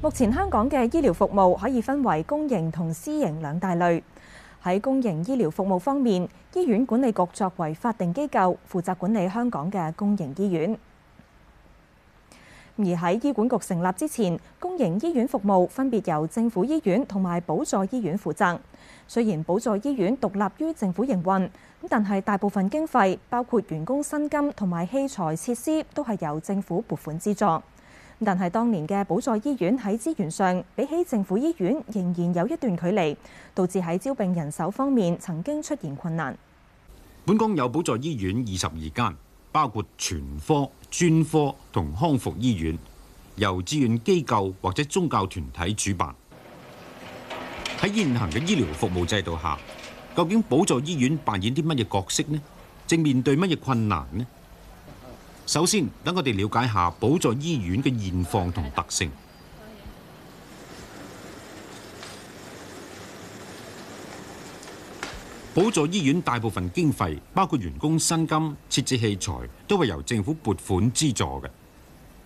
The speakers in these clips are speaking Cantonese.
目前香港嘅醫療服務可以分為公營同私營兩大類。喺公營醫療服務方面，醫院管理局作為法定機構，負責管理香港嘅公營醫院。而喺醫管局成立之前，公營醫院服務分別由政府醫院同埋補助醫院負責。雖然補助醫院獨立於政府營運，咁但係大部分經費，包括員工薪金同埋器材設施，都係由政府撥款資助。但係當年嘅補助醫院喺資源上，比起政府醫院仍然有一段距離，導致喺招聘人手方面曾經出現困難。本港有補助醫院二十二間，包括全科、專科同康復醫院，由志願機構或者宗教團體主辦。喺現行嘅醫療服務制度下，究竟補助醫院扮演啲乜嘢角色呢？正面對乜嘢困難呢？首先，等我哋了解下補助醫院嘅現況同特性。補助醫院大部分經費，包括員工薪金、設置器材，都係由政府撥款資助嘅。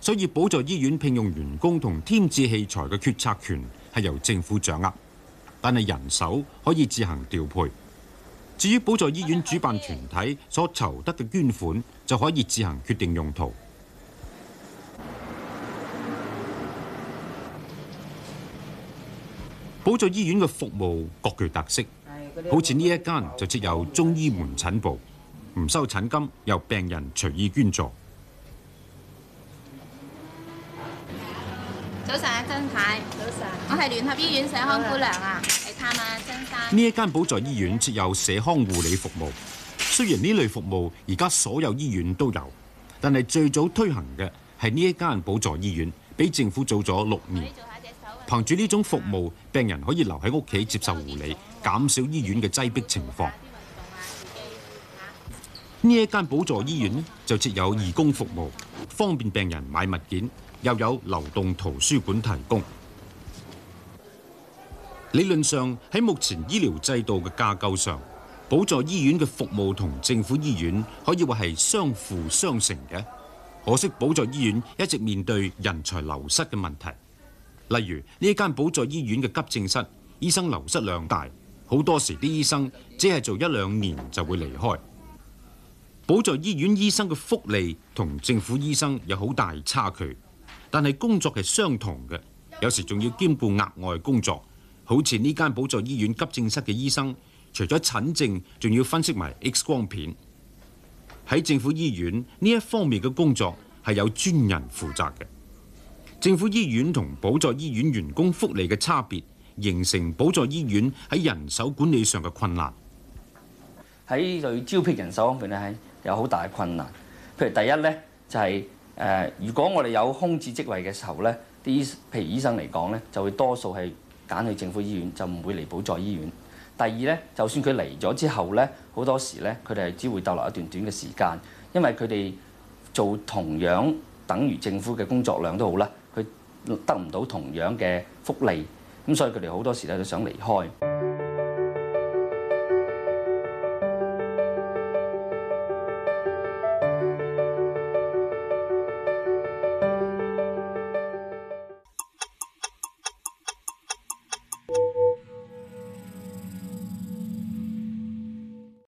所以補助醫院聘用員工同添置器材嘅決策權係由政府掌握，但係人手可以自行調配。至於補助醫院主辦團體所籌得嘅捐款，就可以自行決定用途。補助醫院嘅服務各具特色，好似呢一間就設有中醫門診部，唔收診金，由病人隨意捐助早。早晨，鄧太。我係聯合醫院社康姑娘啊，你探阿先生。呢一間補助醫院設有社康護理服務，雖然呢類服務而家所有醫院都有，但係最早推行嘅係呢一間補助醫院，俾政府做咗六年。做憑住呢種服務，病人可以留喺屋企接受護理，減少醫院嘅擠逼情況。呢一間補助醫院就設有義工服務，方便病人買物件，又有流動圖書館提供。理論上，喺目前醫療制度嘅架構上，補助醫院嘅服務同政府醫院可以話係相輔相成嘅。可惜補助醫院一直面對人才流失嘅問題，例如呢一間補助醫院嘅急症室，醫生流失量大，好多時啲醫生只係做一兩年就會離開。補助醫院醫生嘅福利同政府醫生有好大差距，但係工作係相同嘅，有時仲要兼顧額外工作。好似呢間補助醫院急症室嘅醫生，除咗診症，仲要分析埋 X 光片。喺政府醫院呢一方面嘅工作係有專人負責嘅。政府醫院同補助醫院員工福利嘅差別，形成補助醫院喺人手管理上嘅困難。喺對招聘人手方面呢，係有好大嘅困難。譬如第一呢，就係、是、誒、呃，如果我哋有空置職位嘅時候呢，啲譬如醫生嚟講呢，就會多數係。揀去政府醫院就唔會嚟補助醫院。第二呢，就算佢嚟咗之後呢，好多時呢，佢哋係只會逗留一段短嘅時間，因為佢哋做同樣等於政府嘅工作量都好啦，佢得唔到同樣嘅福利，咁所以佢哋好多時咧都想離開。